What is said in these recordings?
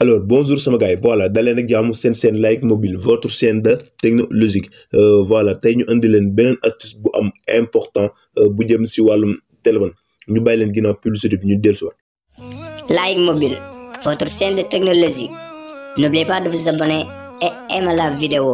alors bonjour sama gars yi voilà daleen ak jàmm seen seen like mobile votre chaîne de technologique euh, voilà tey ñu indi leen beneen astuce bu am important euh, bu jëm si wàllum téléphone ñu bay leen ginnaaw publicité bi ñu dellusiwaat. like mobile votre chaîne de technologie n'oubliez pas de vous abonner et aimer la vidéo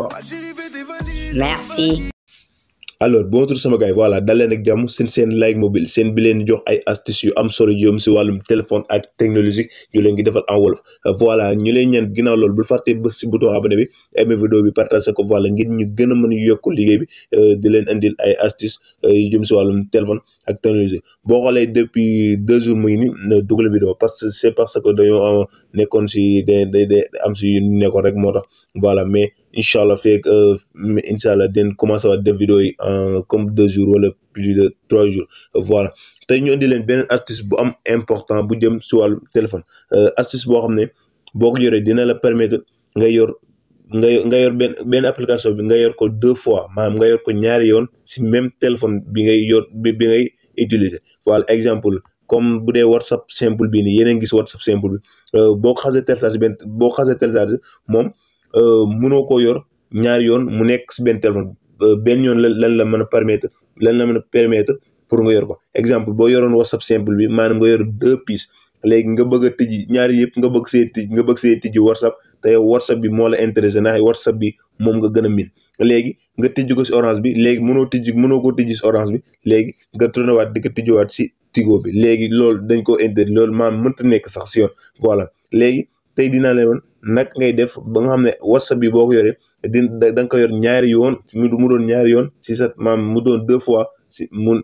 alors bonjour sama gars yi voilà dal leen ak jàmm seen seen like mobile seen bi leen di jox ay astuces yu am solo jëm si wàllum téléphone ak technologie ñu leen ngi defal en wolof voilà ñu leen ñaan ginnaaw loolu bul fàtte bës si bouton abonné bi par vidéo bi partagé ko voilà ngir ñu gën a mën yokk liggéey bi euh, di leen indil ay astuces euh, yu si wàllum téléphone ak technologie boo xoolee depuis deux jours mu ngi ni na dugal vidéo parce que c'est parce que dañoo nekkoon si day day am si nekkoon rek moo tax voilà incha allah feeg euh, incha allah den commencé waat def vidéo yi comme deux jours wala plus de trois jours voilà tey ñu indi leen benn astuce bu am important bu jëm si wàllu téléphone euh, astuce boo xam ne boo ko yoree dina la permettre nga yor nga nga yor benn benn application bi nga yor ko deux fois maam nga yor ko ñaari yoon si même téléphone bi ngay yor bi bi ngay utiliser voilà exemple comme bu dee WhatsApp simple bii ni yéen a gis WhatsApp simple bi euh, boo ko xasee télécharge benn boo ko xasee télécharge moom. Euh, mënoo koo yor ñaari yoon mu nekk si benn téléphone euh, benn yoon lan lan la mën a permettre lan la mën a permettre pour nga yor ko exemple boo yoroon WhatsApp simple bi maanaam nga yor deux pièces léegi nga bëgg a tijji ñaari yëpp nga bëgg see tijji nga bëgg see tijji WhatsApp te yow WhatsApp bi moo la intéressé ndax WhatsApp bi moom nga gën a miin léegi nga tijji ko si orange bi léegi mënoo tijji mënoo ko tijji si orange bi léegi nga tourné waat di ko si tigo bi léegi loolu dañ koo interdit loolu maanaam mënta nekk sax si yoon voilà léegi tey dinaa leen woon nag ngay def ba nga xam ne whatsapp bi boo ko yoree di da nga ko yor ñaari yoon mu doon ñaari yoon si sa maam mu doon fois mu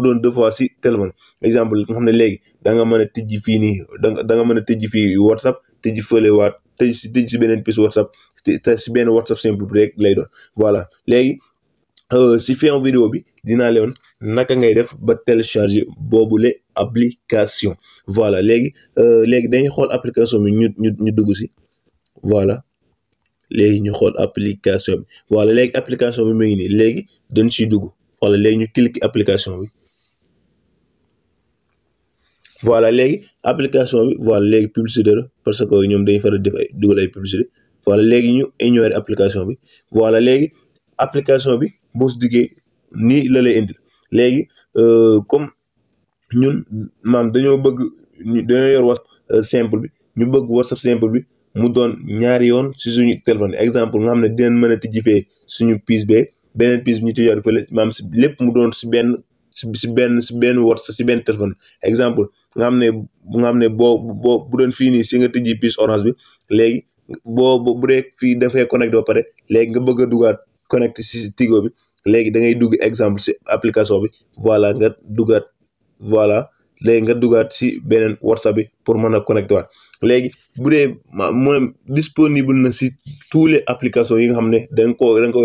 doon deux fois si téléphone exemple nga xam ne léegi da mën a tijji fii nii da nga mën a tijji fii whatsapp tijji fële waat tëj si tëj si beneen puce whatsapp te si benn whatsapp simple bi rek lay doon voilà léegi euh, si fi vidéo bi dinaa leen naka ngay def ba télécharger boobule application voilà léegi euh, léegi dañuy xool application bi ñu ñu ñu dugg si voilà léegi ñu xool application bi voilà léegi application bi mu ngi nii léegi dañ siy dugg voilà léegi ñu cliquer application bi voilà léegi application bi voilà léegi publicité la parce que ñoom dañu faral def ay dugal ay publicité voilà léegi ñu ignorer application bi voilà léegi application bi boos diggee duggee nii la lay indil léegi euh, comme ñun maam dañoo bëgg dañoo yor WhatsApp euh, simple bi ñu bëgg WhatsApp simple bi mu doon ñaari yoon si suñu téléphone exemple nga xam ne dinañ mën a tijji fee suñu piis bee beneen piis bi ñu tijjiwaat fële maam si lépp mu doon si benn si benn si benn WhatsApp si benn téléphone exemple nga xam ne nga xam ne boo boo bu doon fii nii si nga tijji piis orange bi léegi boo bu bu dee fii dafay connecté ba pare léegi nga bëgg a dugaat connecté si Tigo bi léegi da ngay dugg exemple si application bi voilà nga dugaat voilà léegi nga dugaat si beneen whatsapp bi pour mën a connecté waat léegi bu ma moom disponible na si tous les applications yi nga xam ne da nga koo da nga ko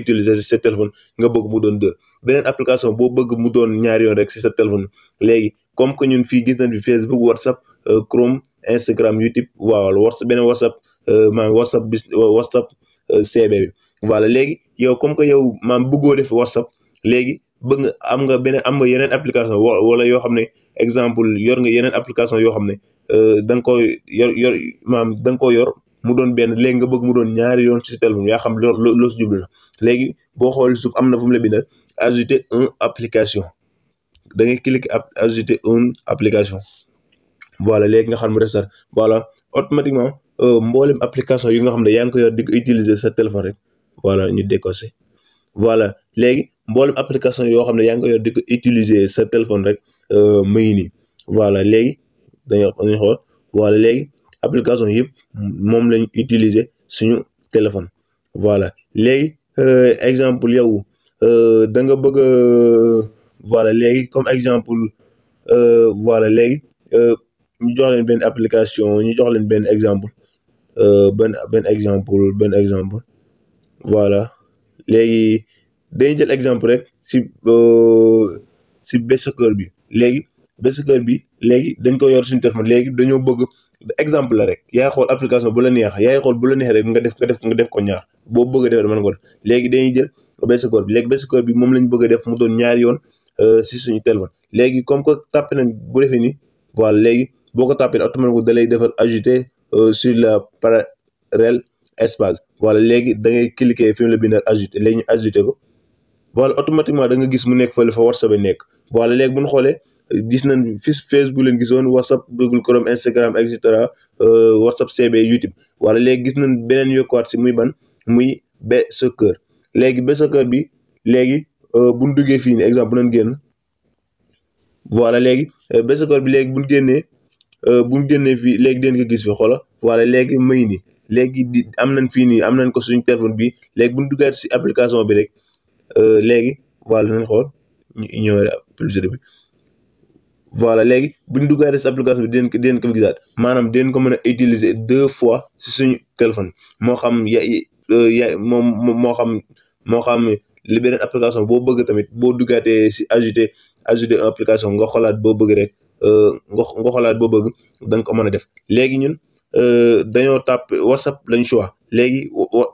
utiliser si sa téléphone nga bëgg mu doon deux beneen application boo bëgg mu doon ñaari yoon rek si sa téléphone léegi comme que ñun fii gis nañ fi Facebook whatsapp euh, Chrome Instagram YouTube waaw whatsapp beneen whatsapp euh, maanaam whatsapp bis whatsapp euh, CB bi voilà léegi yow comme que yow maam bëggoo def whatsapp léegi bëgg nga am nga beneen am nga yeneen application wala yoo xam ne exemple yor nga yeneen application yoo xam ne euh, da nga ko yor yor maam da nga yor mu doon benn léegi nga bëgg mu doon ñaari yoon ci téléphone yaa xam loo si jublu la léegi boo xool suuf am na fu mu la bindal ajouter un application da ngay cliquer ajouter un application voilà léegi nga xam mu restar voilà automatiquement euh, mboolem application yi nga xam ne yaa ngi ko yor di ko utiliser sa téléphone rek voilà ñu décoché voilà léegi mboolem application yoo xam ne yaa ngi ko yor di ko utiliser sa téléphone rek euh, mu ngi nii voilà léegi dañuy dañuy xool léegi application yëpp moom lañ utiliser suñu téléphone voilà léegi euh, exemple yow euh, da nga bëgg a voilà léegi comme exemple voilà léegi ñu jox leen benn application ñu jox leen benn exemple benn benn exemple benn exemple voilà léegi dañuy jël exemple rek si euh, si Baie-Coeur bi léegi Baie-Coeur bi léegi dañ ko yor suñu téléphone léegi dañoo bëgg exemple la rek yaay xool application bu la neex yaay xool bu la neex rek nga def nga def nga def ko ñaar boo bëgg a def mën nga ko léegi dañuy jël Baie-Coeur bi léegi Baie-Coeur bi moom lañu bëgg a def mu doon ñaari yoon euh, si suñu téléphone léegi comme que tàppe nañ bu defee nii voilà léegi boo ko tàppee automatiquement da lay defar ajouter euh, sur la parallèle espace voilà léegi da ngay cliquer fi mu la bindal ajouter léegi ñu ajouter ko voilà automatiquement danga gis mu nekk fële fa WhatsApp a nekk voilà léegi bu ñu xoolee gis nañ fi Facebook leen gisoon WhatsApp Google Chrome Instagram et cetera euh, WhatsApp CB YouTube voilà léegi gis nañ beneen yokkuwaat si muy ban muy Messenger léegi Messenger bi léegi euh, bu ñu duggee fii nii exemple bu génn voilà léegi Messenger euh, bi léegi bu ñu génnee bu ñu génnee fii léegi den ko gis fi xoola voilà léegi may nii léegi di am nañ fii nii am nañ ko suñu téléphone bi léegi bu ñu si application bi rek. Euh, léegi voilà nañ xool ñu ignorer publicité bi voilà léegi bu ñu duggaatee si application bi dinañ ko dinañ ko gisaat maanaam dinañ ko mën a utiliser deux fois si suñu téléphone moo xam ya ya euh, moom moo xam moo xam li beneen application boo bëgg tamit boo duggaatee si ajouter ajouter application ngo xoolaat boo bëgg rek euh, ngo nga xoolaat boo bëgg da nga ko mën a def léegi ñun dañoo tàpp WhatsApp lañ choix léegi wa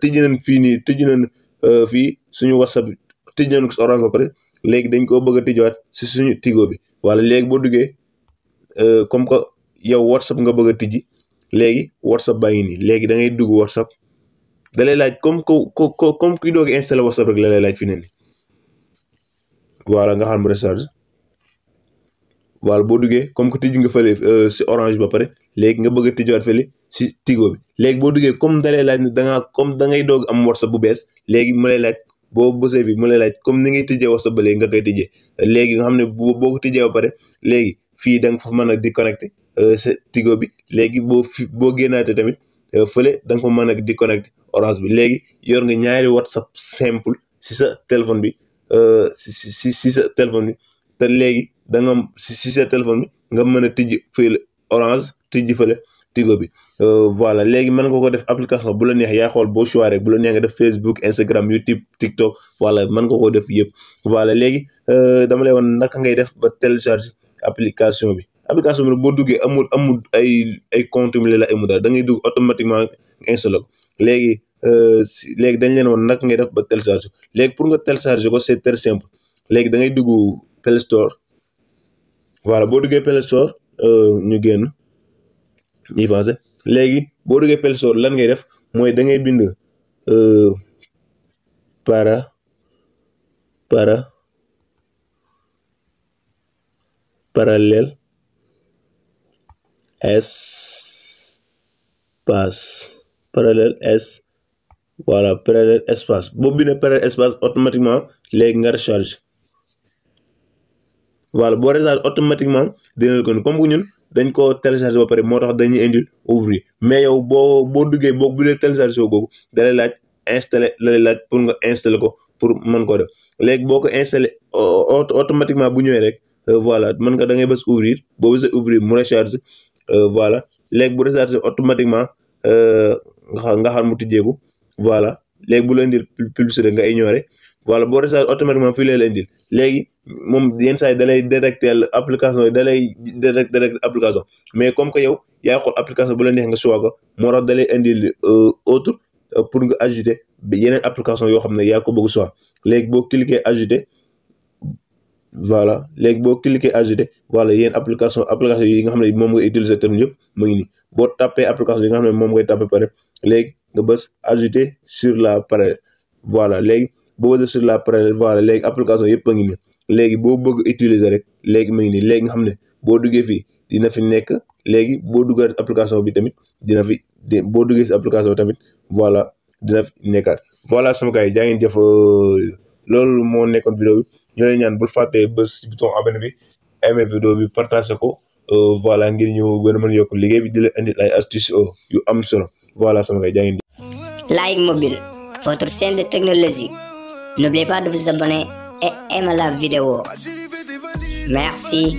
tëj nañ fii nii tëj nañ Euh, fii suñu whatsapp bi tëj nañu si orange ba pare léegi dañ koo bëgg a tijjiwaat si suñu tigo bi wala léegi boo duggee euh, comme que yow whatsapp nga bëgg a tijji léegi whatsapp baa ngi nii léegi da ngay dugg whatsapp da lay laaj comme ko ko comme kuy doog installé whatsapp rek laaj fi ne nii voilà nga xam recharge voilà boo duggee comme que tijji nga fële euh, si orange ba pare léegi nga bëgg a tijjiwaat fële si tigo bi. léegi boo duggee comme da lay laaj ne da comme da doog am whatsapp bu bees léegi mu lay laaj boo bësee bi mu lay laaj comme ni ngay tijjee whatsapp ba léegi nga koy léegi nga xam ne boo ko tijjee ba pare léegi fii da nga fa a di connecté euh, sa tigo bi léegi boo fi boo génnaatee tamit euh, fële da nga mën a di connecté orange bi léegi yor nga ñaari whatsapp simple si sa téléphone bi euh, si si si sa téléphone léegi da nga si sa téléphone nga mën a tijji fële orange tijji fële Tigo bi euh, voilà léegi mën nga ko def application bu la neex yaa xool boo choix rek bu la neex nga def Facebook Instagram YouTube TikTok voilà mën nga ko def yëpp voilà léegi euh, dama lay woon naka ngay def ba télécharge application bi application bi nag boo duggee amul amul ay ay compte mi ay mu daal da ngay dugg automatiquement installé ko léegi euh, dañ leen woon naka ngay def ba télécharge léegi pour nga télécharge ko c'est très simple léegi dangay ngay dugg Play Store boo duggee Play Store ñu génn ñuy pensé léegi boo duggee Play Store lan ngay def mooy dangay bind euh, para para parallèle espace parallèle es voilà parallèle espace boo bindee parallèle espace automatiquement léegi nga recharge voilà boo recharge automatiquement dina la kon comme que dañ ko téléchargé ba pare moo tax dañuy indi ouvrir mais yow boo boo duggee boo bu dee téléchargé boobu dalay laaj installé la lay laaj pour nga installé ko pour mën ko def léegi boo ko installé automatiquement bu ñëwee rek euh, voilà mën nga da ngay bës ouvrir boo bësee ouvrir mu recharge euh, voilà léegi bu recharge automatiquement euh, nga xam nga xam mu tijjeeku voilà léegi bu la indil publicité nga ignoré wala boo recharge automatiquement fii lay la indil léegi moom yenn saa yi da lay application yi da lay détecter application mais comme que yow yaa xool application bu la nga choix ko moo tax da lay indil euh, autre euh, pour nga yeneen application yoo xam ne yaa ko bëgg léegi boo cliquer ajouter voilà léegi boo cliquer ajouter voilà yeneen application application yi nga xam ne moom nga utiliser tam yëpp mu ngi boo tapé application yi nga xam ne moom ngay tapé pare léegi nga bës ajouter sur la pare voilà léegi boo de sur la parallèle voilà léegi application yëpp a ngi nii léegi boo bëgg utiliser rek léegi mu ngi nii léegi nga xam ne boo duggee fii dina fi nekk léegi boo duggaat application bi tamit dina fi boo duggee si application tamit voilà dina fi nekkaat voilà sama yi jaa ngeen jëf euh, loolu moo nekkoon vidéo bi ñoo leen ñaan bul fàtte bës si bouton abonné bi aimé vidéo bi partagé ko euh, voilà ngir ñu gën a mën yokk liggéey bi di leen indi ay astuces euh, yu am solo voilà sama gars yi jaa ngeen jëf. Like mobile votre chaîne de technologie. N'oubliez pas de vous abonner et aimer la vidéo. Merci.